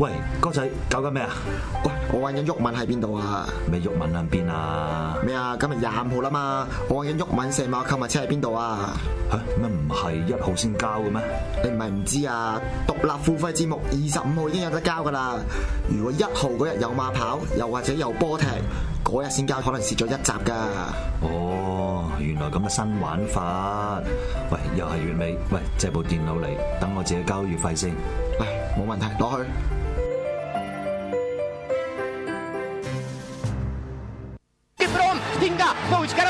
喂，哥仔搞緊咩啊？喂，我揾緊玉文喺邊度啊？咪玉文喺邊啊？咩啊？今日廿五號啦嘛，我揾緊玉文。四馬購物車喺邊度啊？吓咩唔係一號先交嘅咩？你唔係唔知啊？獨立付費節目二十五號已經有得交噶啦。如果一號嗰日有馬跑又或者有波踢嗰日先交，可能蝕咗一集噶。哦，原來咁嘅新玩法。喂，又係月尾。喂，借部電腦嚟，等我自己交月費先。嚟，冇問題，攞去。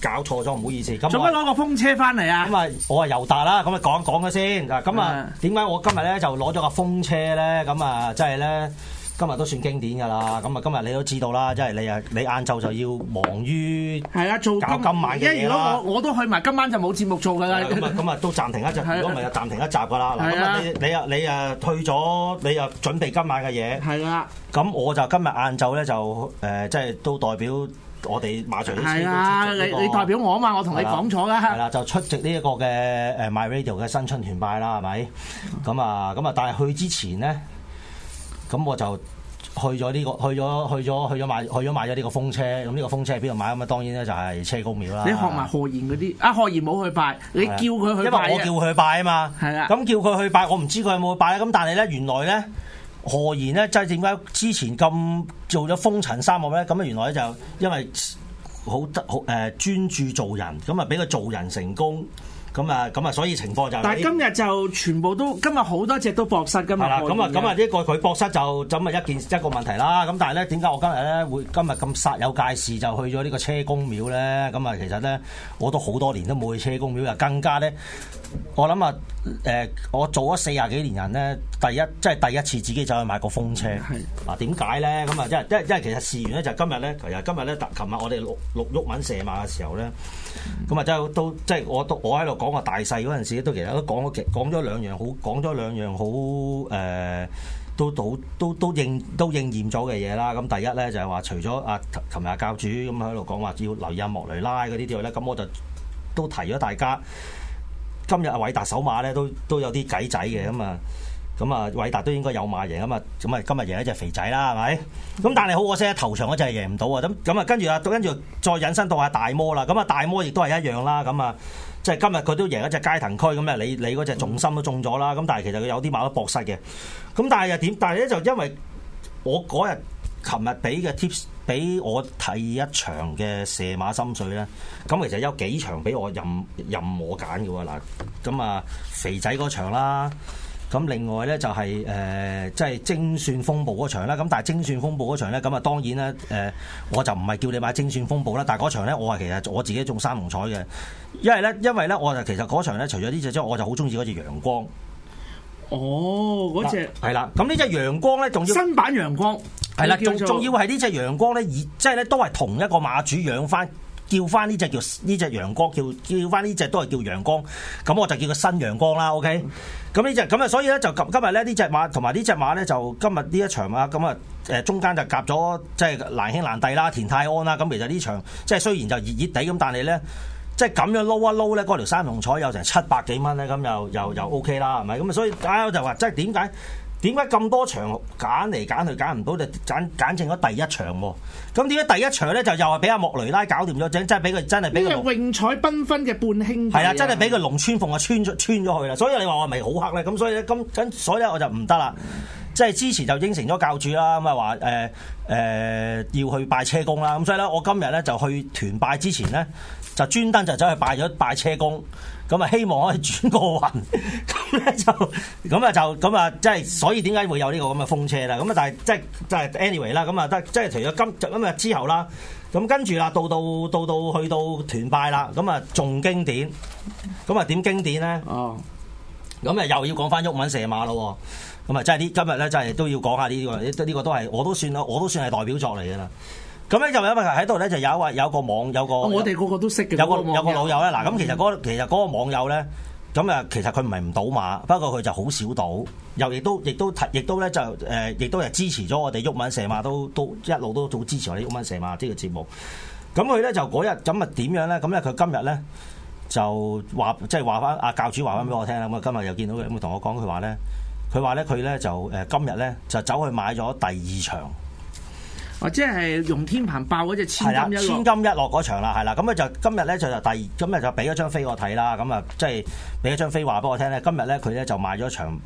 搞錯咗唔好意思，咁做乜攞個風車翻嚟啊？咁啊，我啊尤達啦，咁啊講一講嘅先，咁啊點解我今日咧就攞咗個風車咧？咁啊，即係咧，今日都算經典噶啦。咁啊，今日你都知道啦，即係你啊，你晏晝就要忙於係啊做今晚嘅嘢啦。如果我我都去埋今晚就冇節目做噶啦。咁啊咁啊都暫停一集，如果唔係就暫停一集噶啦。嗱，咁你你啊你啊退咗，你又準備今晚嘅嘢。係啦。咁我就今日晏晝咧就誒、呃，即係都代表。我哋馬場都出你你代表我啊嘛，我同你講錯啦。係啦，就出席呢一個嘅誒 My Radio 嘅新春團拜啦，係咪？咁啊，咁啊，但係去之前咧，咁我就去咗呢、這個，去咗去咗去咗買去咗買咗呢個風車。咁、這、呢個風車喺邊度買？咁啊，當然咧就係車公廟啦。你學埋何賢嗰啲啊？何賢冇去拜，你叫佢去拜。因為我叫佢去拜啊嘛。係啦。咁叫佢去拜，我唔知佢有冇去拜。咁但係咧，原來咧。何然咧？即係點解之前咁做咗風塵三惡咧？咁啊，原來咧就因為好得好誒專注做人，咁啊俾佢做人成功。咁啊，咁啊，所以情況就係，但係今日就全部都，今日好多隻都博失㗎嘛。係啦，咁啊，咁啊，呢個佢博失就咁啊，就一件一個問題啦。咁但係咧，點解我今日咧會今日咁煞有介事就去咗呢個車公廟咧？咁啊，其實咧我都好多年都冇去車公廟，啊。更加咧，我諗啊，誒，我做咗四十幾年人咧，第一即係第一次自己走去買個風車。嗱的，點解咧？咁啊，即係即係即係其實事緣咧，就係今日咧，其實今日咧，特琴日我哋錄錄毓民射馬嘅時候咧。咁啊，真係都即係我，都我喺度講話大細嗰陣時，都其實都講咗，講咗兩樣好，講咗兩樣好誒、呃，都好都都應都應驗咗嘅嘢啦。咁第一咧就係話、啊，除咗阿琴日教主咁喺度講話要留意阿、啊、莫雷拉嗰啲之外咧，咁我就都提咗大家今日阿、啊、偉達手馬咧都都有啲計仔嘅，咁啊。嗯咁啊、嗯，偉達都應該有馬贏啊嘛，咁、嗯、啊今日贏一隻肥仔啦，係咪？咁但係好可惜，頭場嗰隻贏唔到啊，咁咁啊跟住啊，跟住再引申到阿大魔啦，咁、嗯、啊大魔亦都係一樣啦，咁、嗯、啊即係今日佢都贏一隻街騰區，咁、嗯、啊你你嗰隻重心都中咗啦，咁、嗯、但係其實佢有啲馬都搏失嘅，咁但係又點？但係咧就因為我嗰日琴日俾嘅 tips 俾我睇一場嘅射馬心水咧，咁、嗯、其實有幾場俾我任任我揀嘅喎嗱，咁、嗯、啊、嗯、肥仔嗰場啦。咁另外呢、就係呃，就係誒，即係精算風暴嗰場啦。咁但係精算風暴嗰場呢，咁啊當然呢誒、呃，我就唔係叫你買精算風暴啦。但嗰場呢，我係其實我自己中三龍彩嘅，因為呢，因為呢，我就其實嗰場呢，除咗呢隻之外，我就好中意嗰隻陽光。哦，嗰隻係啦。咁呢隻陽光呢，仲新版陽光係啦，仲仲的要係呢隻陽光呢，即係呢都係同一個馬主養翻。叫翻呢隻叫呢隻陽光叫叫翻呢隻都係叫陽光，咁我就叫佢新陽光啦，OK？咁呢隻咁啊，所以咧就今日咧呢隻馬同埋呢隻馬咧就今日呢一場啊，咁啊誒中間就夾咗即係難兄難弟啦，田泰安啦，咁其實呢場即係、就是、雖然就熱熱地咁，但係咧即係咁樣撈一撈咧，嗰條三龍彩有成七百幾蚊咧，咁又又又 OK 啦，係咪？咁啊，所以 I、哎、就話即係點解？就是點解咁多場揀嚟揀去揀唔到就揀揀剩咗第一場喎？咁點解第一場咧就又係俾阿莫雷拉搞掂咗啫？即係俾佢真係俾佢龍，五彩繽紛嘅半兄。係啊，真係俾佢龍穿縫啊穿出穿咗去啦！所以你話我咪好黑咧？咁所以咧咁真所以我就唔得啦。即係之前就應承咗教主啦，咁啊話誒誒要去拜車公啦。咁所以咧，我今日咧就去團拜之前咧就專登就走去拜咗拜車公。咁啊，希望可以轉過運，咁 咧那就，咁 啊就，咁啊即係，所以點解會有呢個咁嘅風車啦？咁啊，但係即係即係 anyway 啦，咁啊得，即係除咗今就咁啊之後啦，咁跟住啦，到到到到去到，到，到，到，到團拜啦，咁啊仲經典，咁啊點經典咧？咁啊、哦、又要講翻喐文射馬啦喎，咁啊即係啲今日咧真係都要講下呢、呢個，呢、呢、啲個都係我都算咯，我都算係代表作嚟噶啦。咁咧就因為喺度咧就有一個有個網友，個我哋個個都識嘅，有個有個老友咧。嗱，咁其實嗰其實嗰個網友咧，咁誒，其實佢唔係唔賭馬，不過佢就好少賭，又亦都亦都亦都咧就誒，亦都係支持咗我哋鬱文蛇馬都都一路都好支持我哋鬱文蛇馬呢個節目。咁佢咧就嗰日，咁啊點樣咧？咁咧佢今日咧就話即係話返阿教主話返俾我聽，咁啊今日又見到佢，咁啊同我講佢話咧，佢話咧佢咧就誒今日咧就走去買咗第二場。哦、即係用天鵬爆嗰隻千金一，千金一落嗰場啦，係啦。咁啊就今日咧就第今日就俾咗張飛我睇啦。咁啊即係俾咗張飛話俾我聽咧，今日咧佢咧就買咗一場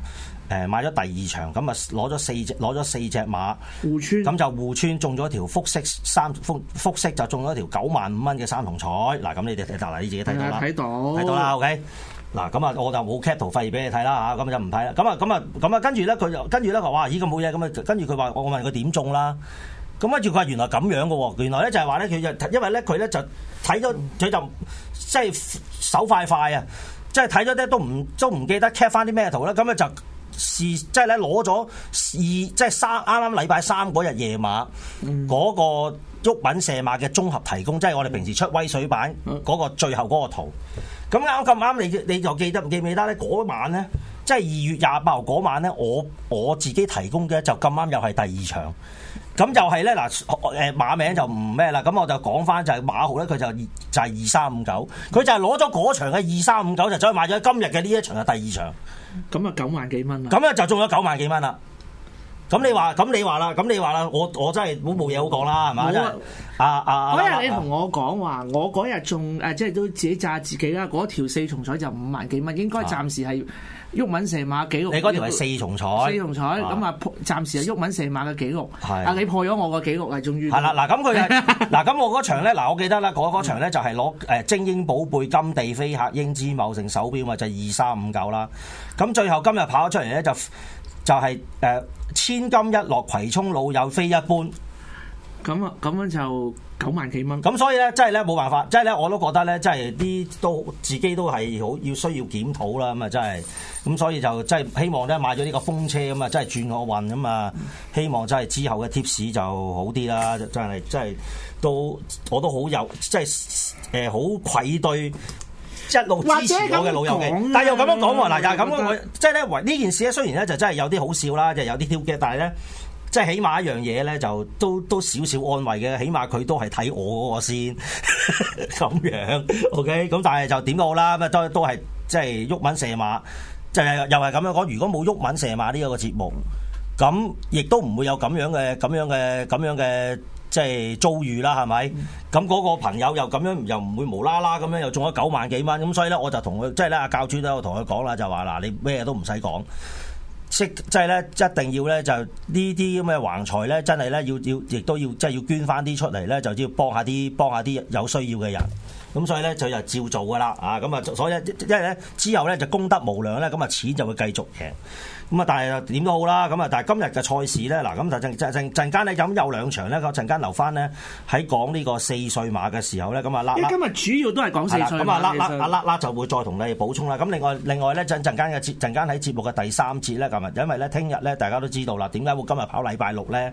誒買咗第二場，咁啊攞咗四隻攞咗四隻馬，互穿咁就互穿中咗條複式三複複式就中咗條九萬五蚊嘅三重彩。嗱咁你哋睇嗱你自己睇到啦，睇到睇到啦。OK 嗱咁啊我就冇 cap 圖費俾你睇啦，咁就唔睇啦。咁啊咁啊咁啊跟住咧佢就跟住咧話哇咦咁冇嘢咁啊跟住佢話我問佢點中啦？咁跟住佢話：原來咁樣嘅喎，原來咧就係話咧，佢就因為咧佢咧就睇咗，佢就即係手快快啊！即係睇咗啲都唔都唔記得 cap 翻啲咩圖咧。咁啊就試即係咧攞咗二即係三啱啱禮拜三嗰日夜晚，嗰、嗯、個郁品射馬嘅綜合提供，嗯、即係我哋平時出威水版嗰、嗯、個最後嗰個圖。咁啱咁啱，你你就記得唔記唔記得咧？嗰、嗰個、晚咧，即係二月廿八號嗰晚咧，我我自己提供嘅就咁啱又係第二場。咁就係咧嗱，誒馬名就唔咩啦，咁我就講翻就係馬號咧，佢就就係二三五九，佢就係攞咗嗰場嘅二三五九就走去買咗今日嘅呢一場嘅第二場，咁啊九萬幾蚊啦，咁咧就中咗九萬幾蚊啦，咁你話咁你話啦，咁你話啦，我我真係冇冇嘢好講啦，係嘛沒？阿阿嗰日你同我講話，我嗰日中誒即係都自己炸自己啦，嗰條四重彩就五萬幾蚊，應該暫時係。啊毓民蛇馬紀錄，你嗰條係四重彩，四重彩咁啊！暫時係毓民蛇馬嘅紀錄，係啊你破咗我個紀錄係仲遠。係啦，嗱咁佢，嗱咁我嗰場咧，嗱我記得啦，嗰、那、嗰、個、場咧就係攞誒精英寶貝金地飛客英姿茂盛手表啊，就二三五九啦。咁最後今日跑咗出嚟咧，就是、就係、是、誒千金一落葵涌，老友非一般。咁啊，咁樣就。九萬幾蚊，咁所以咧，真係咧冇辦法，即係咧我都覺得咧，真係啲都自己都係好要需要檢討啦。咁啊，真係，咁所以就真係希望咧買咗呢個風車咁啊，真係轉我運咁啊。希望真係之後嘅貼士就好啲啦。真係真係都我都好有，真係誒好愧對一路支持我嘅老友記。但又咁樣講喎，嗱、啊、又咁、啊，我即係咧為呢件事咧，雖然咧就真係有啲好笑啦，即係有啲挑嘅，但係咧。即係起碼一樣嘢咧，就都都少少安慰嘅。起碼佢都係睇我嗰個先咁 樣。OK，咁但係就點都好啦，都都係即係郁文射馬，即、就、係、係、又係咁樣講。如果冇郁文射馬呢個節目，咁亦都唔會有咁樣嘅、咁樣嘅、咁樣嘅即係遭遇啦，係咪？咁嗰、 嗯、個朋友又咁樣，又唔會無啦啦咁樣又中咗九萬幾蚊。咁所以咧，我就同佢即係咧阿教主都有同佢講啦，就話嗱，你咩都唔使講。即係咧，一定要咧就呢啲咁嘅橫財咧，真係咧要要亦都要即係要捐翻啲出嚟咧，就要幫下啲幫下啲有需要嘅人。咁、 嗯、所以咧就又照做噶啦，啊咁啊，所以一因為咧之後咧就功德無量咧，咁啊錢就會繼續贏。咁啊，但係點都好啦，咁啊，但係今日嘅賽事咧，嗱咁就正正陣間咧咁有兩場咧，個陣間留翻呢，喺講呢個四歲馬嘅時候咧，咁啊拉，拉。今日主要都係講四歲。咁啊拉拉，拉，拉就會再同你補充啦。咁另外另外咧陣陣間嘅陣間喺節目嘅第三節咧咁啊，因為咧聽日咧大家都知道啦，點解會今日跑禮拜六咧？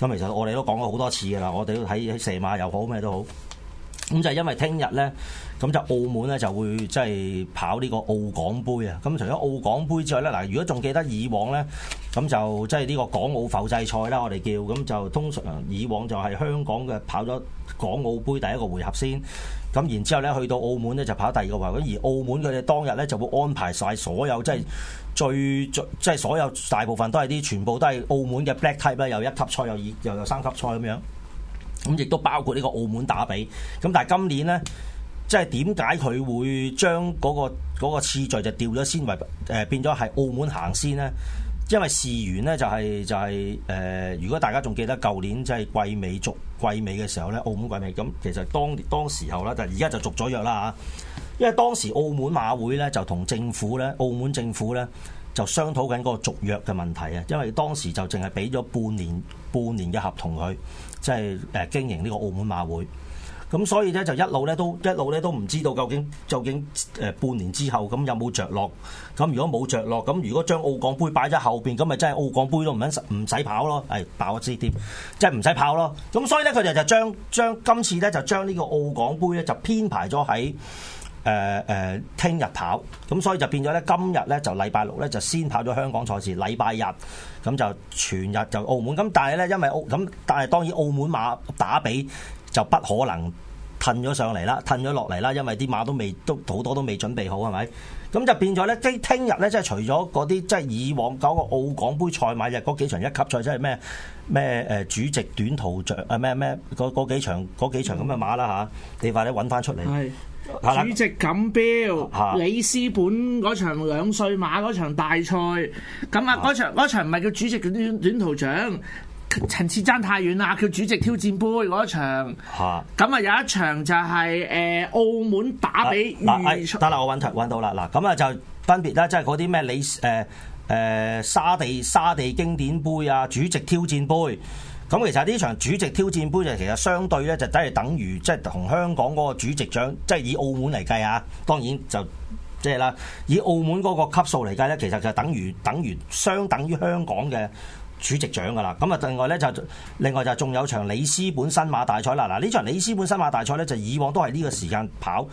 咁其實我哋都講過好多次噶啦，我哋喺喺四歲馬又好咩都好。咁就係因為聽日呢，咁就澳門呢就會即係跑呢個澳港杯啊！咁除咗澳港杯之外呢，嗱，如果仲記得以往呢，咁就即係呢個港澳埠際賽啦，我哋叫咁就通常以往就係香港嘅跑咗港澳杯第一個回合先，咁然之後呢，去到澳門呢就跑第二個回合，而澳門佢哋當日呢就會安排晒所有即係、就是、最最即係所有大部分都係啲全部都係澳門嘅 black type 啊，又一級賽又二又有三級賽咁樣。咁亦都包括呢個澳門打比，咁但係今年呢，即係點解佢會將嗰個嗰個次序就調咗先為誒、呃、變咗係澳門行先呢？因為事緣呢，就係、係、就係、係、誒、呃，如果大家仲記得舊年即係季尾續季尾嘅時候呢，澳門季尾咁，其實當當時候呢，但而家就續咗約啦嚇。因為當時澳門馬會呢，就同政府呢，澳門政府呢，就商討緊嗰個續約嘅問題啊，因為當時就淨係俾咗半年半年嘅合同佢。即係誒經營呢個澳門馬會，咁所以咧就一路咧都一路咧都唔知道究竟究竟誒半年之後咁有冇着落？咁如果冇着落，咁如果將澳港杯擺咗後邊，咁咪真係澳港杯都唔肯唔使跑咯，係、哎、爆一支添，即係唔使跑咯。咁所以咧佢哋就將將今次咧就將呢個澳港杯咧就編排咗喺。誒誒，聽日跑咁，所以就變咗咧。今日咧就禮拜六咧就先跑咗香港賽事，禮拜日咁就全日就澳門。咁但係咧，因為澳咁，但係當然澳門馬打比就不可能褪咗上嚟啦，褪咗落嚟啦。因為啲馬都未都好多都未準備好，係咪？咁就變咗咧，即係聽日咧，即係除咗嗰啲即係以往嗰個澳港杯賽馬日嗰幾場一級賽，即係咩咩誒主席短途獎啊咩咩嗰嗰幾場嗰幾場咁嘅馬啦嚇、嗯啊，你快啲揾翻出嚟。主席錦標、李斯本嗰場兩歲馬嗰場大賽，咁啊嗰場場唔係叫主席短短途獎，層次爭太遠啦，叫主席挑戰杯嗰場。咁啊有一場就係誒澳門打比。得啦，我揾題揾到啦。嗱，咁啊就分別啦，即係嗰啲咩李誒誒沙地沙地經典杯啊，主席挑戰杯。咁其實呢場主席挑戰杯就其實相對咧就真係等於即係同香港嗰個主席獎，即係以澳門嚟計啊，當然就即係啦。以澳門嗰個級數嚟計咧，其實就等於等於相等於香港嘅主席獎噶啦。咁啊，另外咧就另外就仲有場里斯本新馬大賽啦。嗱，呢場里斯本新馬大賽咧就以往都係呢個時間跑。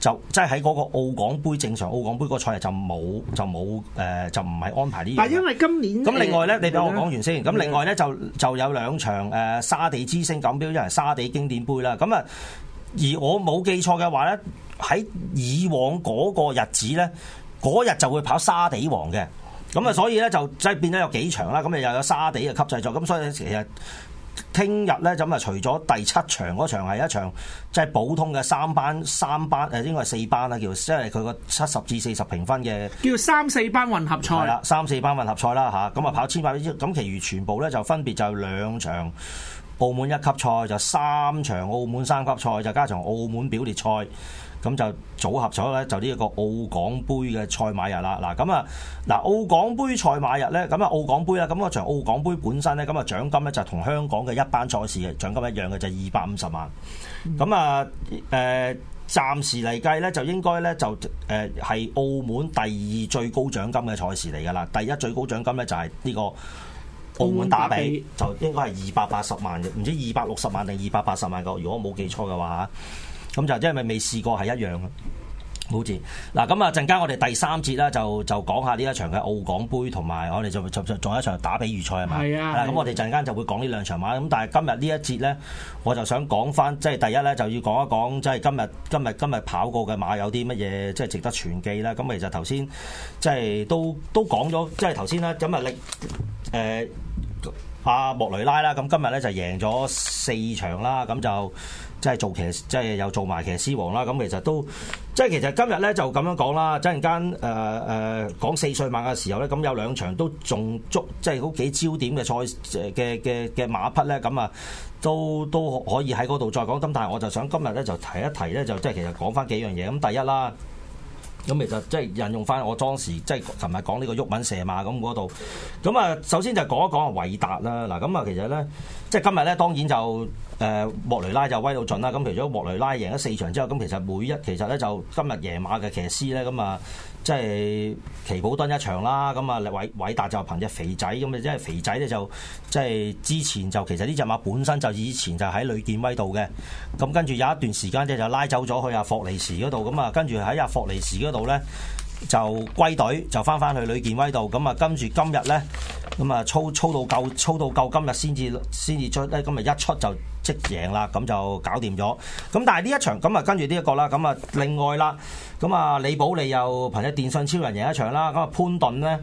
就即係喺嗰個澳港杯正常澳港杯個賽日就冇就冇誒、呃、就唔係安排呢樣。係因為今年咁另外呢，嗯、你等我講完先。咁、嗯、另外呢，就就有兩場誒沙地之星錦標，即係沙地經典杯啦。咁啊，而我冇記錯嘅話呢，喺以往嗰個日子呢，嗰日就會跑沙地王嘅。咁啊，所以呢，就即係變咗有幾場啦。咁啊，又有沙地嘅級製作，咁所以其實。聽日咧，咁啊，除咗第七場嗰場係一場即係、就是、普通嘅三班、三班誒，應該係四班啦，即叫即係佢個七十至四十評分嘅，叫三四班混合賽。係啦，三四班混合賽啦吓，咁啊跑千百咁，其餘全部咧，就分別就兩場澳門一級賽，就三場澳門三級賽，就加場澳門表列賽。咁就組合咗咧，就呢一個澳港杯嘅賽馬日啦。嗱，咁啊，嗱、啊、澳港杯賽馬日呢，咁啊澳港杯啊，咁個場澳港杯本身呢，咁啊獎金呢，就同香港嘅一班賽事嘅獎金一樣嘅，就二百五十萬。咁、嗯、啊，誒、呃，暫時嚟計呢，就應該呢，就誒係、呃、澳門第二最高獎金嘅賽事嚟噶啦。第一最高獎金呢，就係、是、呢個澳門打比，就應該係二百八十萬嘅，唔知二百六十萬定二百八十萬個。如果我冇記錯嘅話。咁就即係咪未試過係一樣嘅？好似。嗱，咁啊陣間我哋第三節啦，就就講下呢一場嘅澳港杯，同埋我哋就就仲有一場打比預賽係嘛？係啊，咁我哋陣間就會講呢兩場馬。咁但係今日呢一節咧，我就想講翻，即係第一咧就要講一講，即係今日今日今日跑過嘅馬有啲乜嘢，即係值得傳記啦。咁其實頭先即係都都講咗，即係頭先啦。咁啊，你誒阿莫雷拉啦，咁今日咧就贏咗四場啦，咁就。即係做騎，即係又做埋騎師王啦。咁其實都即係，就是，其實今日咧就咁樣講啦。突然間誒誒講四歲馬嘅時候咧，咁有兩場都仲捉，即係好幾焦點嘅賽嘅嘅嘅馬匹咧。咁啊，都都可以喺嗰度再講。但係我就想今日咧就提一提咧，就即、是、係，其實講翻幾樣嘢。咁第一啦，咁其實即係引用翻我當時即係尋日講呢個鬱敏射馬咁嗰度。咁啊，首先就講一講啊，韋達啦。嗱，咁啊，其實咧。即係今日咧，當然就誒莫雷拉就威到盡啦。咁除咗莫雷拉贏咗四場之後，咁其實每一其實咧就今日贏馬嘅騎師咧，咁啊，即係奇寶敦一場啦。咁啊，偉偉達就憑隻肥仔咁啊，即係肥仔咧就即係之前就其實呢隻馬本身就以前就喺呂健威度嘅。咁跟住有一段時間咧就拉走咗去阿霍利時嗰度。咁啊，跟住喺阿霍利時嗰度咧。就歸隊就翻翻去呂健威度，咁啊，跟住今日呢，咁啊操操到夠，操到夠今日先至先至出咧，今日一出就即贏啦，咁就搞掂咗。咁但係呢一場，咁啊，跟住呢一個啦，咁啊另外啦，咁啊李寶利又憑住電信超人贏一場啦，咁啊潘頓呢。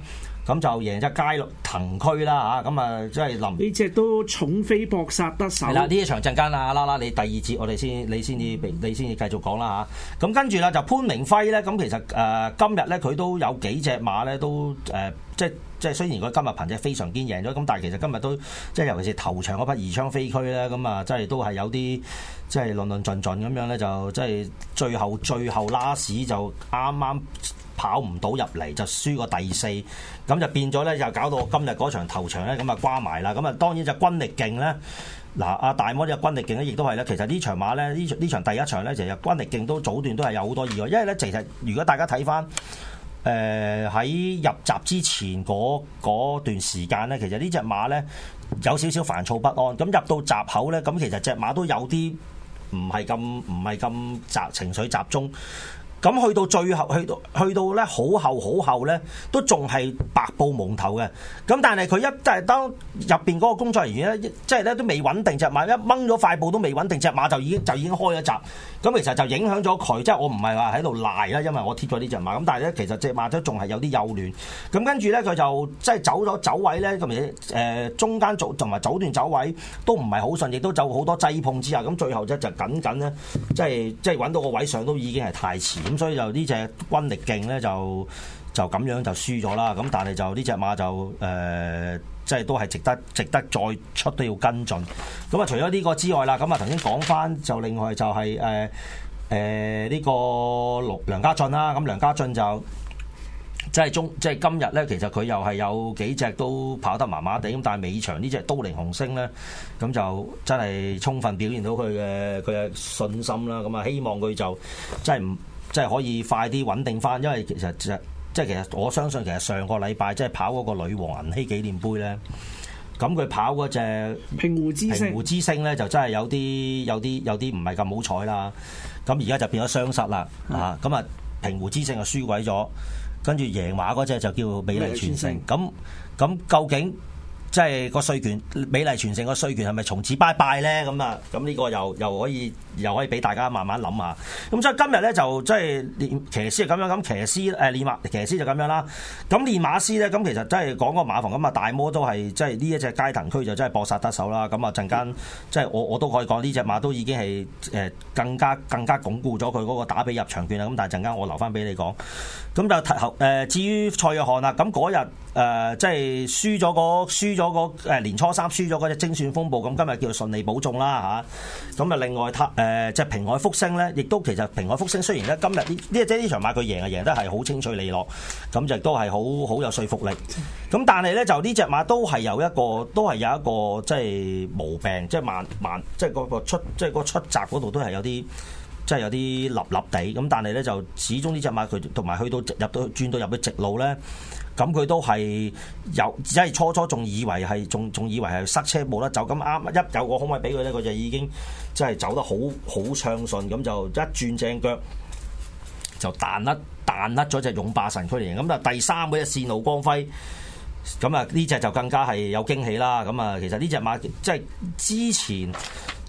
咁就贏咗街路騰區啦嚇，咁啊即係、嗯就是、林呢隻都重飛搏殺得手。係啦，呢一場陣間啊啦啦、啊，你第二節我哋先，你先至你先至繼續講啦嚇。咁、啊、跟住啦，就潘明輝咧，咁、啊、其實誒、呃、今日咧佢都有幾隻馬咧都誒，即係即係雖然佢今日憑隻非常堅贏咗，咁但係其實今日都即係尤其是頭場嗰匹二槍飛驅咧，咁啊即係、嗯、都係有啲即係論論盡盡咁樣咧，就即係最後最後拉屎就啱啱，跑唔到入嚟就輸個第四，咁就變咗呢，就搞到今日嗰場頭場咧，咁啊瓜埋啦。咁啊，當然就軍力勁呢，嗱、啊、阿大魔隻軍力勁呢，亦都係呢。其實呢場馬咧，呢呢場第一場呢，其實軍力勁都早段都係有好多意外，因為呢，其實如果大家睇翻誒喺入閘之前嗰段時間呢，其實呢隻馬呢，有少少煩躁不安。咁入到閘口呢，咁其實隻馬都有啲唔係咁唔係咁集情緒集中。咁去到最後，去到去到咧好後好後咧，都仲係白布蒙頭嘅。咁但係佢一即係當入邊嗰個工作人員咧，即係咧都未穩定隻馬，一掹咗塊布都未穩定，隻馬就已經就已經開咗閘。咁其實就影響咗佢。即係我唔係話喺度賴啦，因為我貼咗呢隻馬。咁但係咧，其實隻馬都仲係有啲幼嫩。咁跟住咧，佢就即係走咗走位咧，咁誒中間仲同埋走段走位都唔係好順，亦都走好多擠碰之下。咁最後咧就緊緊咧，即係即係揾到個位上都已經係太遲。咁所以就呢隻軍力勁咧，就就咁樣就輸咗啦。咁但係就呢隻馬就誒、呃，即係都係值得，值得再出都要跟進。咁啊，除咗呢個之外啦，咁啊，頭先講翻就另外就係誒誒呢個梁家俊啦。咁梁家俊就即係中，即係今日咧，其實佢又係有幾隻都跑得麻麻地咁，但係尾場呢隻刀靈紅星咧，咁就真係充分表現到佢嘅佢嘅信心啦。咁啊，希望佢就即係唔～即係可以快啲穩定翻，因為其實即即其實我相信其實上個禮拜即係跑嗰個女王銀禧紀念杯咧，咁佢跑嗰隻平湖之星，平湖之星咧就真係有啲有啲有啲唔係咁好彩啦，咁而家就變咗雙失啦，的啊，咁啊，平湖之星就輸鬼咗，跟住贏馬嗰隻就叫美麗傳承，咁咁究竟？即係個稅權美麗傳承，個稅權係咪從此拜拜咧？咁啊，咁呢個又又可以又可以俾大家慢慢諗下。咁所以今日咧就即係騎師係，咁樣咁騎師誒練馬騎師就咁樣啦。咁練馬師咧，咁其實真係講個馬房咁啊，大魔都係即係呢一隻階騰區就真係搏殺得手啦。咁啊陣間即係我我都可以講呢隻馬都已經係誒更加更加鞏固咗佢個打比入場券啦。咁但係陣間我留翻俾你講，咁就頭誒至於蔡約翰啊，咁嗰日誒即係輸咗個輸。咗個年初三輸咗嗰隻精選風暴，咁今日叫做順利保中啦嚇。咁啊，另外誒即係平海福星咧，亦都其實平海福星雖然咧今日呢呢隻呢場馬佢贏啊，贏得係好清脆利落，咁亦都係好好有說服力。咁但係咧就呢隻馬都係有一個，都係有一個即係、即係、毛病，即係慢慢即係嗰個出即係嗰個出閘嗰度都係有啲即係有啲立立地。咁但係咧就始終呢隻馬佢同埋去到直入到轉到入去直路咧。咁佢都係有，即係初初仲以為係仲仲以為係塞車冇得走，咁啱一有個空位俾佢咧，佢就已經即係走得好好暢順，咁就一轉正腳就彈甩彈甩咗隻勇霸神輝嚟。咁啊第三嗰隻線路光輝，咁啊呢隻就更加係有驚喜啦，咁啊其實呢隻馬即係之前。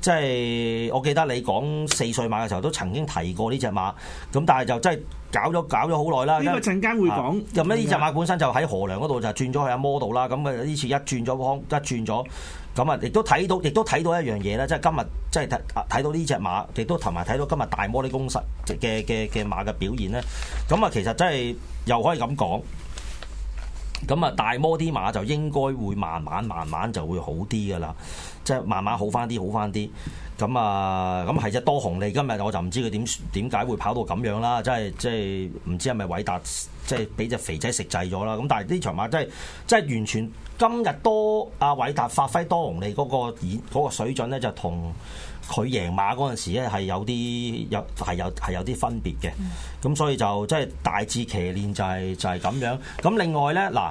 即係我記得你講四歲馬嘅時候都曾經提過呢隻馬，咁但係就真係搞咗搞咗好耐啦。因為陣間會講。咁呢、啊？呢隻馬本身就喺河梁嗰度就轉咗去阿摩度啦。咁啊呢次一轉咗一轉咗，咁啊亦都睇到，亦都睇到一樣嘢咧。即係今日，即係睇睇到呢隻馬，亦都同埋睇到今日大摩啲公實嘅嘅嘅馬嘅表現咧。咁啊，其實真係又可以咁講。咁啊，大摩啲馬就應該會慢慢慢慢就會好啲噶啦，即係慢慢好翻啲，好翻啲。咁啊，咁係隻多紅利今日我就唔知佢點點解會跑到咁樣啦，即係即係唔知係咪韋達即係俾隻肥仔食滯咗啦。咁但係呢場馬真係即係即係完全今日多阿韋達發揮多紅利嗰個演嗰個水準咧，就同。佢贏馬嗰陣時咧係有啲有係有係有啲分別嘅，咁所以就即係大致騎練就係就係咁樣。咁另外咧，嗱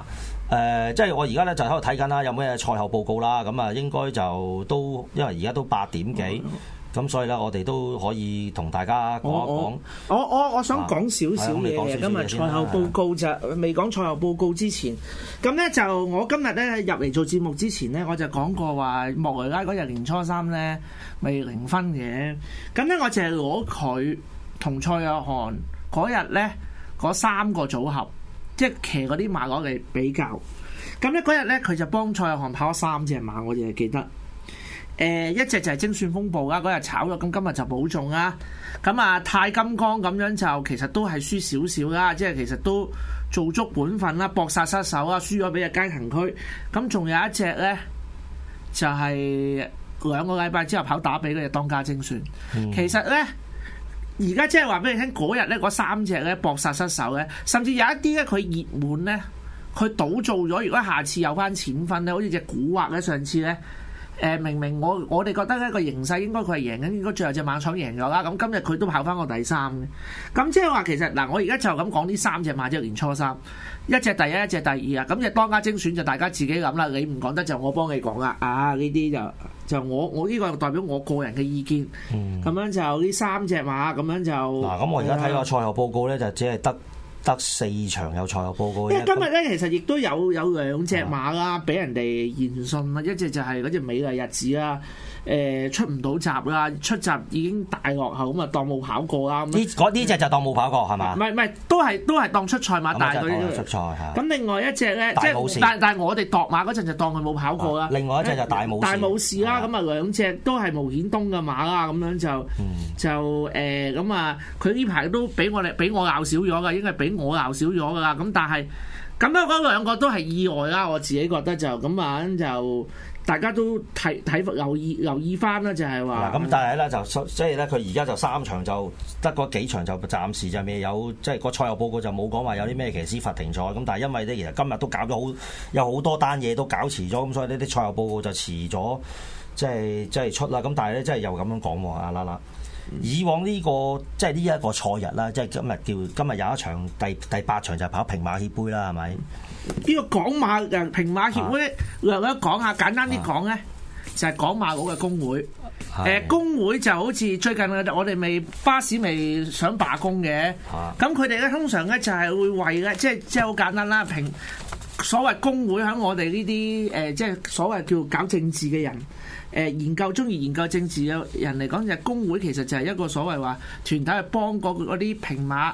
誒，即係我而家咧就喺度睇緊啦，有咩賽後報告啦，咁啊，應該就都因為而家都八點幾、嗯。嗯嗯咁所以咧，我哋都可以同大家講一講。我我我想講少少嘢。少少今日賽後報告就未講賽後報告之前，咁咧就我今日咧入嚟做節目之前咧，我就講過話莫雷拉嗰日年初三咧未零分嘅。咁咧我就係攞佢同蔡約翰嗰日咧嗰三個組合，即係騎嗰啲馬攞嚟比較。咁咧嗰日咧佢就幫蔡約翰跑咗三隻馬，我淨係記得。誒一隻就係精算風暴啦，嗰日炒咗，咁今日就保重啊！咁啊，太金剛咁樣就其實都係輸少少啦，即係其實都做足本分啦，搏殺失手啊，輸咗俾隻街行區。咁仲有一隻呢，就係、是、兩個禮拜之後跑打俾嗰隻當家精算。嗯、其實呢，而家即係話俾你聽，嗰日呢，嗰三隻呢，搏殺失手呢，甚至有一啲呢，佢熱門呢，佢倒做咗。如果下次有翻錢分呢，好似隻古惑嘅上次呢。誒、呃、明明我我哋覺得呢個形勢應該佢係贏緊，應該最後只猛場贏咗啦。咁今日佢都跑翻個第三嘅。咁即係話其實嗱，我而家就咁講呢三隻馬啫。即年初三一隻第一，一隻第二啊。咁就當家精選就大家自己諗啦。你唔講得就我幫你講啦。啊呢啲就就我我呢、這個代表我個人嘅意見。咁、嗯、樣就呢三隻馬，咁樣就嗱。咁、啊、我而家睇個賽後報告咧，就只係得。得四場有賽後報告嘅。因為今日咧，其實亦都有有兩隻馬啦、啊，俾人哋驗信啦，一隻就係嗰隻美麗日子啦、啊。誒出唔到閘啦，出閘已經大落後咁啊，當冇跑過啊！呢呢隻就當冇跑過係嘛？唔係唔係，都係都係當出賽馬，但係出賽係。咁另外一隻咧，即係但係但係我哋度馬嗰陣就當佢冇跑過啦。另外一隻就大冇事。大冇事啦，咁啊兩隻都係無冕東嘅馬啦，咁樣就就誒咁啊！佢呢排都俾我哋俾我鬧少咗㗎，應該係俾我鬧少咗㗎。咁但係咁樣嗰兩個都係意外啦，我自己覺得就咁樣就。大家都睇睇留意留意翻啦，就係話。嗱、嗯，咁但係咧就，所以咧佢而家就三場就得嗰幾場就暫時就未有，即係個賽後報告就冇講話有啲咩騎師罰停賽。咁但係因為咧，其實今日都搞咗好有好多單嘢都搞遲咗，咁所以呢啲賽後報告就遲咗，即係即係出啦。咁但係咧，即係又咁樣講喎，阿 LakLak。啊啊以往呢、呢個即係呢一個賽日啦，即係今日叫今日有一場第第八場就跑平馬協杯啦，係咪？呢個港馬誒平馬協會略略講講，我我講下簡單啲講咧，啊、就係港馬佬嘅工會。誒、啊、工會就好似最近我哋未巴士未想罷工嘅，咁佢哋咧通常咧就係會為嘅，即係即係好簡單啦平。所謂工會喺我哋呢啲誒，即係所謂叫搞政治嘅人，誒、呃、研究鍾意研究政治嘅人嚟講，就係、工會其實就係一個所謂話團體、嗰個，去幫嗰啲平馬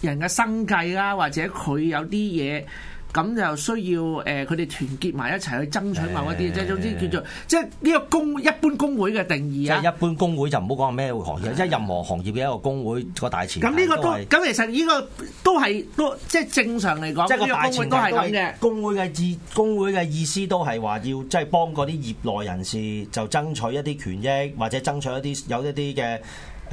人嘅生計啦，或者佢有啲嘢。咁就需要誒佢哋團結埋一齊去爭取某嗰啲，即係的總之叫做即係呢個工的一般工會嘅定義啊。即係一般工會就唔好講係咩行業，的即係任何行業嘅一個工會個大前提，咁呢個都咁，其實呢個都係都即係正常嚟講，即係個大前提都係咁嘅。工會嘅意工會嘅意思都係話要即係幫嗰啲業內人士就爭取一啲權益，或者爭取一啲有一啲嘅。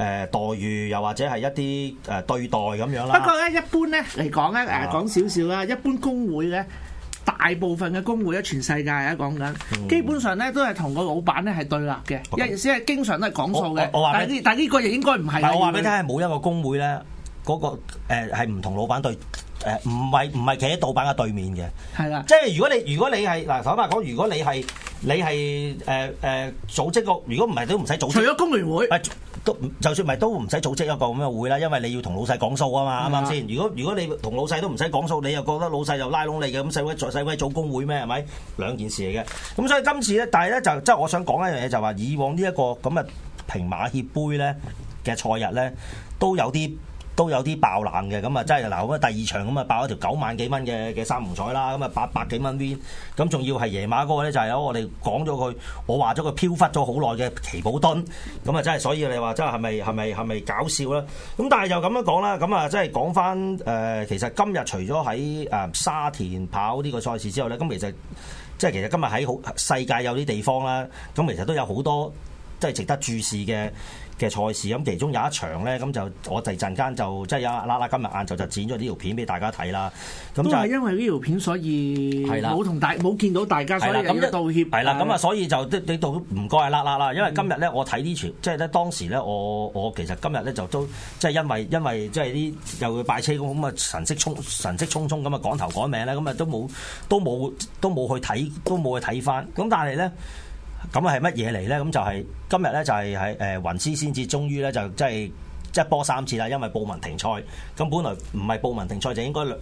誒待遇又或者係一啲誒對待咁樣啦。不過咧，一般咧嚟講咧，誒講少少啦。一般工會咧，大部分嘅工會咧，全世界啊講緊，基本上咧都係同個老闆咧係對立嘅，一啲係經常都係講數嘅。但係呢，但係呢個亦應該唔係。我話俾你聽冇一個工會咧，嗰個誒係唔同老闆對誒，唔係唔係企喺老闆嘅對面嘅。係啦。即係如果你如果你係嗱，坦白講，如果你係你係誒誒組織個，如果唔係都唔使組。除咗工聯會。都就算唔係都唔使組織一個咁嘅會啦，因為你要同老細講數啊嘛，係咪先？如果如果你同老細都唔使講數，你又覺得老細就拉攏你嘅咁，世威在世威組工會咩？係咪兩件事嚟嘅？咁、嗯、所以今次咧，但係咧就即係我想講一樣嘢，就話以往呢、這、一個咁嘅平馬協杯咧嘅賽日咧都有啲。都有啲爆冷嘅，咁啊真係嗱，咁啊第二場咁啊爆咗條九萬幾蚊嘅嘅三重彩啦，咁啊八百幾蚊 win 咁，仲要係夜馬嗰個咧就係、是、有我哋講咗佢，我話咗佢飄忽咗好耐嘅奇寶墩，咁啊真係，所以你話真係係咪係咪係咪搞笑啦？咁但係又咁樣講啦，咁啊真係講翻誒，其實今日除咗喺誒沙田跑呢個賽事之後咧，咁其實即係其實今日喺好世界有啲地方啦，咁其實都有好多。即係值得注視嘅嘅賽事，咁其中有一場咧，咁就我第陣間就即係有 LakLak 今日晏晝就剪咗呢條片俾大家睇啦。咁就係因為呢條片，所以冇同大冇的見到大家，所以有啲道歉。係啦，咁啊，所以就即係你道唔該 LakLak 啦。因為今日咧，我睇呢條即係咧當時咧，我我其實今日咧就都即係因為因為即係啲又要拜車公咁啊，神色匆神色匆匆咁啊，趕頭趕命咧，咁啊都冇都冇都冇去睇都冇去睇返，咁但係咧。咁啊，係乜嘢嚟呢？咁就係今日呢，就係喺誒雲絲仙子，終於呢就即係一波三次啦。因為布文停賽，咁本來唔係布文停賽，就應該兩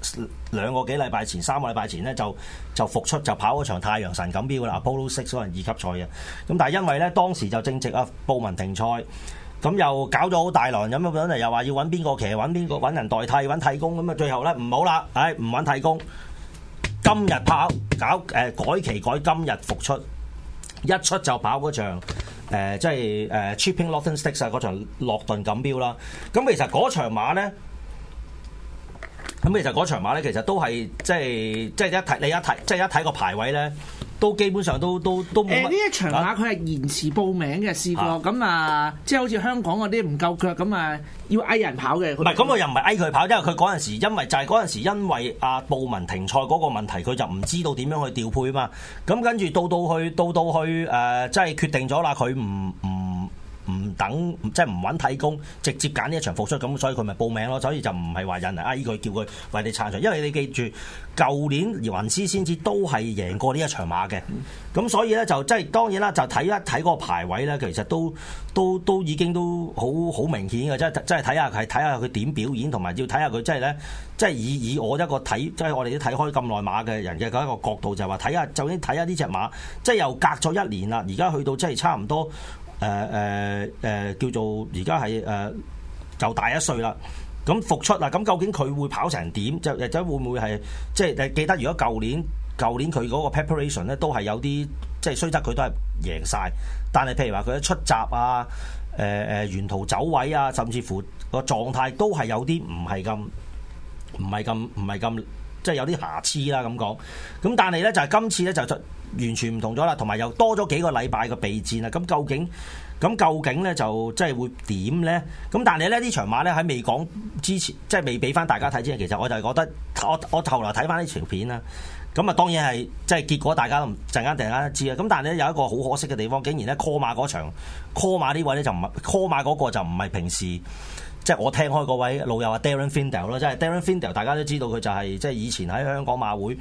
兩個幾禮拜前三個禮拜前呢，就就復出就跑嗰場太陽神錦標啦。Apollo Six 可能二級賽嘅，咁但係因為呢當時就正值啊布文停賽，咁又搞咗好大浪，咁樣咁嚟又話要揾邊個騎揾邊個揾人代替揾替工，咁啊最後呢唔好啦，誒唔揾替工，今日跑搞誒改期改今日復出。一出就跑嗰場，呃、即係誒 Chipping Norton Stakes 嗰場落頓錦標啦。咁其實嗰場馬咧，咁其實嗰場馬咧，其實都係即係即係一睇你一睇即係一睇個排位咧。都基本上都都都冇呢一場啊，佢係延遲報名嘅試過咁啊，啊，即係好似香港嗰啲唔夠腳咁啊，要嗌人跑嘅。唔係，咁我又唔係嗌佢跑，因為佢嗰陣時，因為就係嗰陣時，因為啊布文停賽嗰個問題，佢就唔知道點樣去調配啊嘛。咁跟住到到去到到去誒，即係決定咗啦，佢唔唔，唔等即係唔揾替工，直接揀呢一場復出，咁所以佢咪報名咯。所以就唔係話人阿姨佢叫佢為你撐場，因為你記住，舊年雲絲仙子都係贏過呢一場馬嘅。咁、嗯、所以咧就即係當然啦，就睇一睇嗰個排位咧，其實都都都已經都好好明顯嘅。即係即係睇下係睇下佢點表演，同埋要睇下佢即係咧，即係以以我一個睇即係我哋都睇開咁耐馬嘅人嘅嗰一個角度，就係話睇下究竟睇下呢隻馬，即係又隔咗一年啦，而家去到即係差唔多。誒誒誒，uh, uh, uh, 叫做而家係誒就大一歲啦。咁、嗯、復出啦，咁、嗯、究竟佢會跑成點？就或者會唔會係即係記得？如果舊年舊年佢嗰個 preparation 咧，都係有啲即係雖則佢都係贏晒。但係譬如話佢一出閘啊、誒、呃、誒沿途走位啊，甚至乎個狀態都係有啲唔係咁唔係咁唔係咁。即係有啲瑕疵啦，咁講。咁但係咧，就係今次咧就完全唔同咗啦，同埋又多咗幾個禮拜嘅備戰啦。咁究竟咁究竟咧就即係會點咧？咁但係咧，呢場馬咧喺未講之前，即係未俾翻大家睇之前，其實我就係覺得，我我後嚟睇翻呢條片啊。咁啊，當然係即係結果，大家都陣間突然間知啊。咁但係咧有一個好可惜嘅地方，竟然咧 call 馬嗰場 call 馬呢位咧就唔係 call 馬嗰個就唔係平時。即係我聽開嗰位老友阿 Darren Findele 啦，即係 Darren Findele，大家都知道佢就係即係以前喺香港馬會，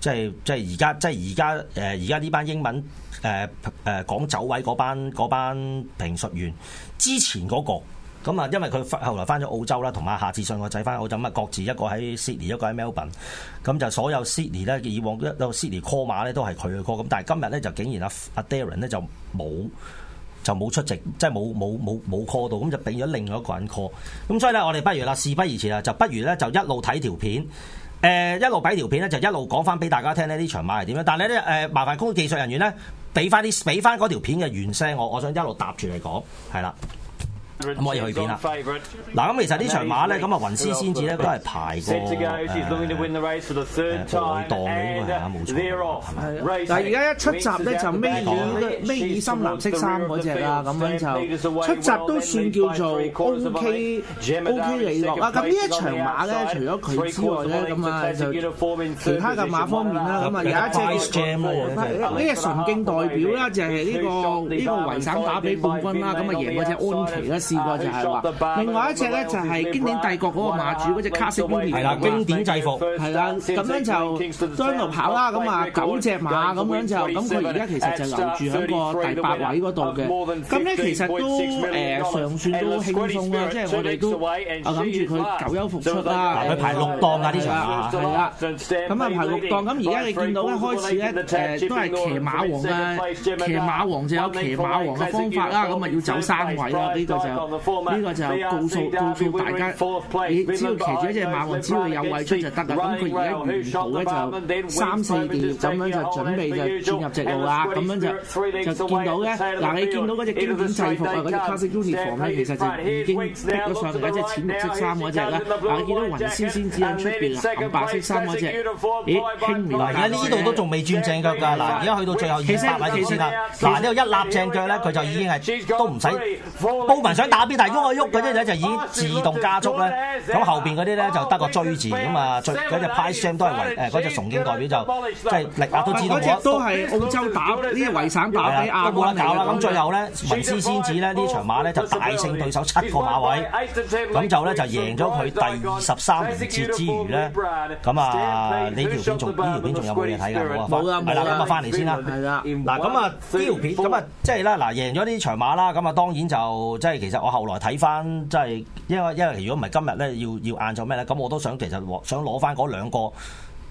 即係即係而家即係而家誒而家呢班英文誒誒、呃呃、講走位嗰班班評述員之前嗰、那個咁啊，因為佢翻後來翻咗澳洲啦，同埋下次信個仔翻澳洲啊，各自一個喺 Sydney，一個喺 Melbourne，咁就所有 Sydney 咧以往一到 Sydney call 馬咧都係佢嘅 call，咁但係今日咧就竟然阿阿 Darren 咧就冇。就冇出席，即係冇冇冇冇 call 到，咁就俾咗另外一個人 call。咁所以咧，我哋不如啦，事不宜遲啦，就不如咧就一路睇條片，誒、呃、一路睇條片咧就一路講翻俾大家聽呢啲場馬係點樣。但係咧誒，麻煩工技術人員咧，俾翻啲俾翻嗰條片嘅原聲我，我想一路搭住嚟講，係啦。咁可以去邊啦？嗱，咁其實呢場馬咧，咁啊雲絲仙子咧都係排過，誒、哎，再當嘅應該係冇錯。嗱，而家一出閘咧就咪爾咪爾深藍色衫嗰隻啦，咁樣就出閘都算叫做 O K O K 嚟落。啦。咁呢一場馬咧，除咗佢之外咧，咁啊就其他嘅馬方面啦，咁啊有，有一隻咩純經代表啦，就係、是、呢、呢個呢、呢個維省打比冠軍啦，咁啊贏嗰隻安琪啦。就係話，另外一隻咧就係經典帝國嗰個馬主嗰隻卡色斑、啊、點，係啦，經典制服，係啦，咁樣就將到跑啦，咁啊，九隻馬咁樣就，咁佢而家其實就留住喺個第八位嗰度嘅，咁咧其實都誒尚算都輕鬆啦， 即係我哋都啊諗住佢久休復出啦，佢 排六檔噶呢場啊，係啦，咁啊排六檔，咁而家你見到一開始咧誒都係騎馬王嘅，騎馬王就有騎馬王嘅方法啦，咁啊要走三位啦，呢、這、度、個、就。呢個就告訴告訴大家，只要騎住隻馬王，只要有位出就得啦。咁佢而家沿途咧就三四點，咁樣就準備就轉入直路啦。咁樣就就見到咧。嗱，你見到嗰隻經典制服啊，嗰隻黑色朱尼服咧，其實就已經逼咗上邊嗰隻淺綠色衫嗰隻啦。你見到雲絲仙子喺出邊啦，白色衫嗰隻，咦，輕唔而家呢度都仲未轉正腳㗎㗎。嗱，而家去到最後二百米幾先啦？嗱，呢度一立正腳咧，佢就已經係都唔使布紋想。打邊大喐啊喐嗰啲咧就已經自動加速咧，咁後邊嗰啲咧就得個追字咁啊，追嗰隻派相都係為誒嗰隻崇敬代表，就即係力壓都知道，都係澳洲打呢啲維省打，打，打，打了都冇得搞啦咁，是最後咧，文斯先子咧呢場馬咧就大勝對手七個馬位，咁就咧就贏咗佢第二十三連捷之餘咧，咁啊呢條片仲呢條片仲有冇嘢睇㗎喎，翻嚟係啦，咁啊翻嚟先啦，嗱咁啊呢條片咁啊即係啦，嗱贏咗呢場馬啦，咁啊當然就即係其。其實我後來睇翻，即係因為因為如果唔係今日咧，要要晏做咩咧？咁我都想其實想攞翻嗰兩個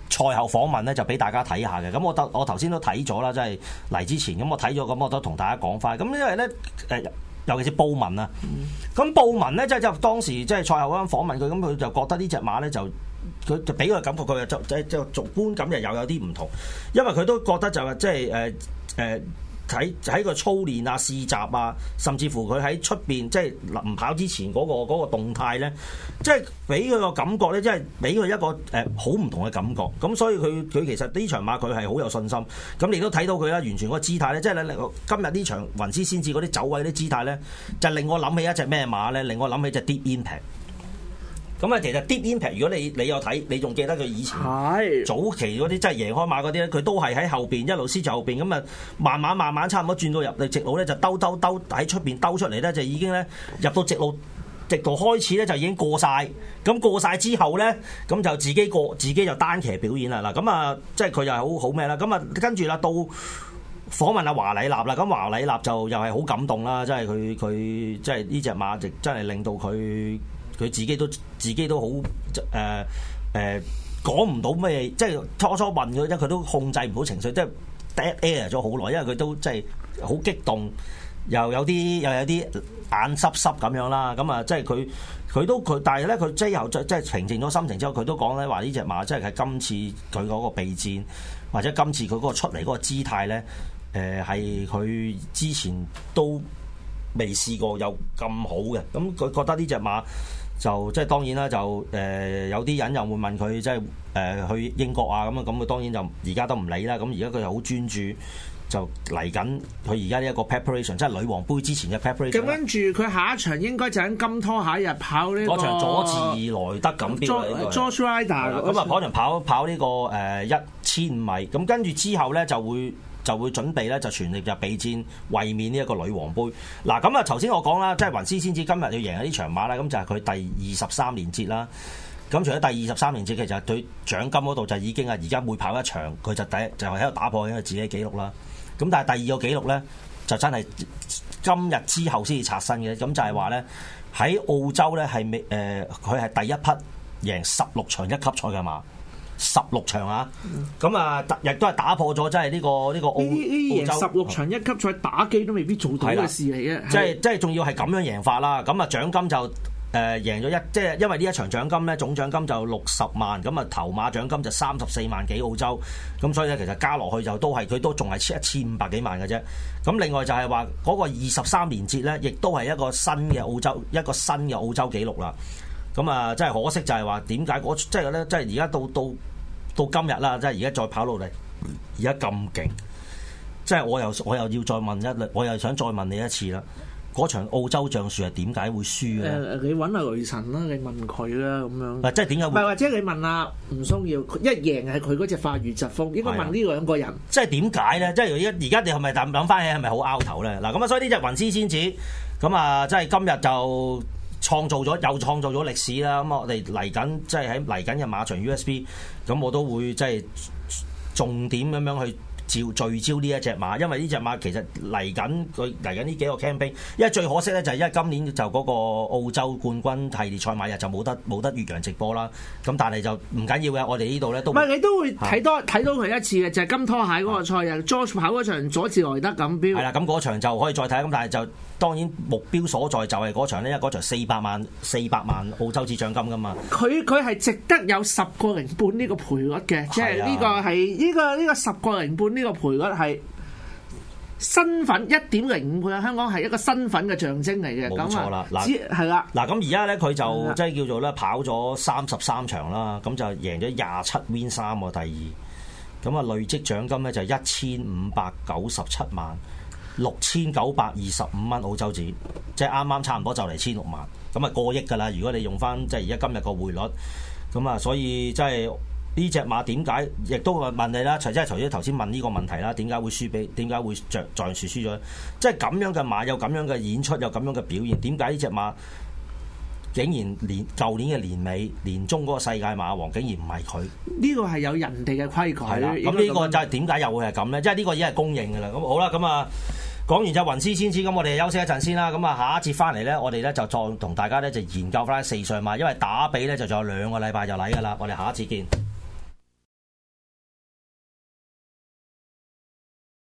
賽後訪問咧，就俾大家睇下嘅。咁我我頭先都睇咗啦，即係嚟之前咁我睇咗，咁我都同大家講翻。咁因為咧，誒尤其是報文啊，咁報文咧即係就係、是、當時即係賽後嗰陣訪問佢，咁佢就覺得隻呢隻馬咧就佢就俾佢感覺，佢就即即係逐觀咁又有啲唔同，因為佢都覺得就即係誒誒。呃呃睇喺個操練啊、試閘啊，甚至乎佢喺出邊即係臨跑之前嗰個嗰個動態咧，即係俾佢個感覺咧，即係俾佢一個誒好唔同嘅感覺。咁所以佢佢其實呢場馬佢係好有信心。咁你都睇到佢啦，完全個姿態咧，即係你今日呢場雲絲仙子嗰啲走位啲姿態咧，就令我諗起一隻咩馬咧，令我諗起隻 Deep Impact。咁啊，其實 Deep Impact 如果你你有睇，你仲記得佢以前早期嗰啲真係贏開馬嗰啲咧，佢都係喺後邊一路輸住後邊，咁啊，慢慢慢慢差唔多轉到入嚟直路咧，就兜兜兜喺出邊兜出嚟咧，就已經咧入到直路，直道開始咧就已經過晒。咁過晒之後咧，咁就自己過，自己就單騎表演啦。嗱，咁啊，即係佢又係好好咩啦。咁啊，跟住啦，到訪問阿、啊、華禮納啦。咁華禮納就又係好感動啦，即係佢佢即係呢隻馬，直真係令到佢。佢自己都自己都好誒誒講唔到咩，即係初初問佢，因為佢都控制唔到情緒，即係 dead air 咗好耐，因為佢都即係好激動，又有啲又有啲眼濕濕咁樣啦。咁、嗯、啊，即係佢佢都佢，但係咧佢即係又即係平靜咗心情之後，佢都講咧話呢隻馬即係喺今次佢嗰個備戰，或者今次佢嗰個出嚟嗰個姿態咧，誒係佢之前都未試過有咁好嘅。咁、嗯、佢覺得呢隻馬。就即係當然啦，就誒、呃、有啲人又會問佢，即係誒、呃、去英國啊咁啊，咁佢當然就而家都唔理啦。咁而家佢又好專注，就嚟緊佢而家呢一個 preparation，即係女王杯之前嘅 preparation。咁跟住佢下一場應該就喺金拖下一日跑呢、這個。嗰場佐治來得緊啲咁啊，嗰 George Ryder 場跑跑呢、這個誒一千五米，咁跟住之後咧就會。就會準備咧，就全力就備戰衛冕呢一個女王杯。嗱、啊，咁啊頭先我講啦，即係雲絲先至今日要贏一啲場馬啦，咁就係佢第二十三連捷啦。咁除咗第二十三連捷，其實佢獎金嗰度就已經啊，而家每跑一場，佢就第一，就係喺度打破呢個自己嘅記錄啦。咁但係第二個記錄咧，就真係今日之後先至刷新嘅。咁就係話咧，喺澳洲咧係未誒，佢、呃、係第一匹贏十六場一級賽嘅馬。十六場啊，咁啊亦都係打破咗即係呢個呢個澳洲十六場一級賽打機都未必做到嘅事嚟嘅，即係即係仲要係咁樣贏法啦。咁啊獎金就誒、呃、贏咗一，即、就、係、是、因為呢一場獎金咧總獎金就六十萬，咁啊頭馬獎金就三十四萬幾澳洲，咁所以咧其實加落去就都係佢都仲係一千五百幾萬嘅啫。咁另外就係話嗰個二十三連捷咧，亦都係一個新嘅澳洲一個新嘅澳洲紀錄啦。咁啊真係可惜就係話點解嗰即係咧，即係而家到到。到到今日啦，即係而家再跑落嚟，而家咁勁，即係我又我又要再問一，我又想再問你一次啦。嗰場澳洲橡樹係點解會輸嘅、呃？你搵阿雷神啦，你問佢啦，咁樣。唔係，即係點解？唔係，或者你問阿、啊、吳松耀，一贏係佢嗰隻化魚疾風，應該問呢兩個人。即係點解咧？即係而家而家你係咪諗諗翻起係咪好拗頭咧？嗱，咁啊，所以呢隻雲絲仙子咁啊，即係今日就。創造咗又創造咗歷史啦！咁、嗯、我哋嚟緊即係喺嚟緊嘅馬場 USB，咁我都會即係、就是、重點咁樣去聚焦呢一隻馬，因為呢隻馬其實嚟緊佢嚟緊呢幾個 campaign，因為最可惜咧就係因為今年就嗰個澳洲冠軍系列賽馬日就冇得冇得越洋直播啦。咁但係就唔緊要嘅，我哋呢度咧都唔係你都會睇多睇到佢是一次嘅，就係、是、金拖鞋嗰個賽日是是，George 跑嗰場佐治萊德錦標。係啦，咁嗰場就可以再睇，咁但係就。當然目標所在就係嗰場咧，因為嗰場四百萬、四百萬澳洲紙獎金噶嘛。佢佢係值得有十個零半呢個賠率嘅，即係呢個係呢、呢個呢、呢個十個零半呢個賠率係身份一點零五倍啊！香港係一個身份嘅象徵嚟嘅。冇錯啦，嗱係就啦。嗱咁而家咧佢就、啊、即係叫做咧跑咗三十三場啦，咁就贏咗廿七 win 三個第二，咁啊累積獎金咧就一千五百九十七萬。六千九百二十五蚊澳洲紙，即係啱啱差唔多就嚟千六萬，咁啊過億㗎啦！如果你用翻即係而家今日個匯率，咁啊所以即係呢隻馬點解亦都問你啦？除即係除咗頭先問呢個問題啦，點解會輸俾點解會在在處輸咗？即係咁樣嘅馬有咁樣嘅演出，有咁樣嘅表現，點解呢隻馬竟然年舊年嘅年尾年中嗰個世界馬王竟然唔係佢？呢個係有人哋嘅規矩係啦。咁呢的個就係點解又會係咁咧？即係呢個已經係公認㗎啦。咁好啦，咁、嗯、啊～講完就雲絲仙子，咁我哋休息一陣先啦。咁啊，下一次翻嚟咧，我哋咧就再同大家咧就研究翻四歲馬，因為打比咧就仲有兩個禮拜就嚟噶啦。我哋下一次見。